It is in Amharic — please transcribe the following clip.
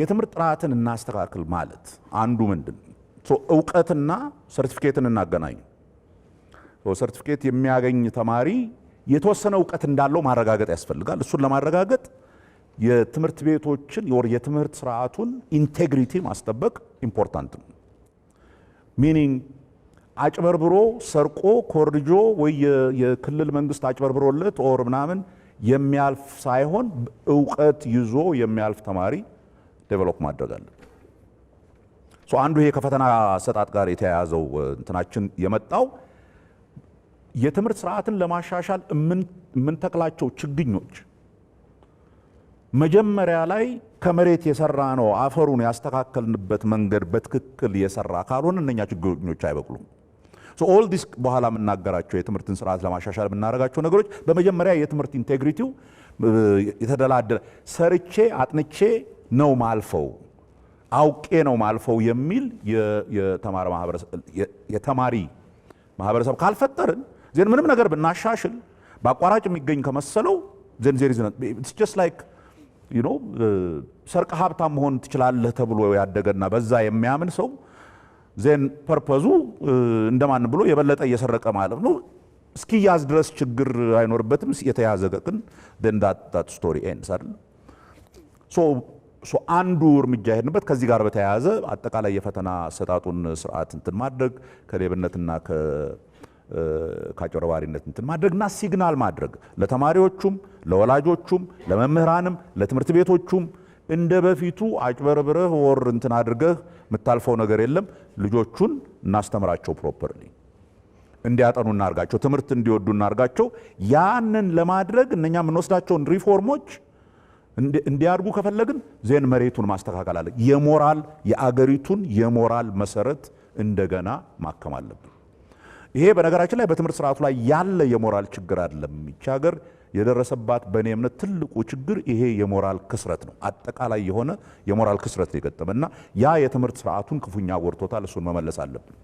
የትምህርት ጥራትን እናስተካክል ማለት አንዱ ምንድን እውቀትና ሰርቲፊኬትን እናገናኝ። ሰርቲፊኬት የሚያገኝ ተማሪ የተወሰነ እውቀት እንዳለው ማረጋገጥ ያስፈልጋል። እሱን ለማረጋገጥ የትምህርት ቤቶችን የትምህርት ስርዓቱን ኢንቴግሪቲ ማስጠበቅ ኢምፖርታንት ነው። ሚኒንግ አጭበርብሮ ሰርቆ ኮርጆ ወይ የክልል መንግስት አጭበርብሮለት ኦር ምናምን የሚያልፍ ሳይሆን እውቀት ይዞ የሚያልፍ ተማሪ ዴቨሎፕ ማድረግ አለብን። አንዱ ይሄ ከፈተና አሰጣጥ ጋር የተያያዘው uh, እንትናችን የመጣው የትምህርት ስርዓትን ለማሻሻል የምንተክላቸው ችግኞች መጀመሪያ ላይ ከመሬት የሰራ ነው አፈሩን ያስተካከልንበት መንገድ በትክክል የሰራ ካልሆነ እነኛ ችግኞች አይበቅሉም። ኦል ዲስ በኋላ የምናገራቸው የትምህርትን ስርዓት ለማሻሻል የምናደርጋቸው ነገሮች በመጀመሪያ የትምህርት ኢንቴግሪቲው uh, የተደላደለ ሰርቼ አጥንቼ ነው ማልፈው አውቄ ነው ማልፈው የሚል የተማሪ ማህበረሰብ ካልፈጠርን ዜን ምንም ነገር ብናሻሽል በአቋራጭ የሚገኝ ከመሰለው ዜን ዜር ላይክ ሰርቀ ሀብታም መሆን ትችላለህ ተብሎ ያደገና በዛ የሚያምን ሰው ዜን ፐርፐዙ እንደማን ብሎ የበለጠ እየሰረቀ ማለት ነው። እስኪያዝ ድረስ ችግር አይኖርበትም። የተያዘ ግን ስቶሪ ኤንድስ አይደለም። አንዱ እርምጃ ሄድንበት ከዚህ ጋር በተያያዘ አጠቃላይ የፈተና አሰጣጡን ስርዓት እንትን ማድረግ ከሌብነትና ከአጭበርባሪነት እንትን ማድረግና ሲግናል ማድረግ ለተማሪዎቹም፣ ለወላጆቹም፣ ለመምህራንም፣ ለትምህርት ቤቶቹም እንደ በፊቱ አጭበርብረህ ወር እንትን አድርገህ የምታልፈው ነገር የለም። ልጆቹን እናስተምራቸው፣ ፕሮፐርሊ እንዲያጠኑ እናርጋቸው፣ ትምህርት እንዲወዱ እናርጋቸው። ያንን ለማድረግ እነኛ የምንወስዳቸውን ሪፎርሞች እንዲያድጉ ከፈለግን ዜን መሬቱን ማስተካከል አለ። የሞራል የአገሪቱን የሞራል መሰረት እንደገና ማከም አለብን። ይሄ በነገራችን ላይ በትምህርት ስርዓቱ ላይ ያለ የሞራል ችግር አይደለም። ይቺ ሀገር የደረሰባት በእኔ እምነት ትልቁ ችግር ይሄ የሞራል ክስረት ነው። አጠቃላይ የሆነ የሞራል ክስረት የገጠመና ያ የትምህርት ስርዓቱን ክፉኛ ጎድቶታል። እሱን መመለስ አለብን።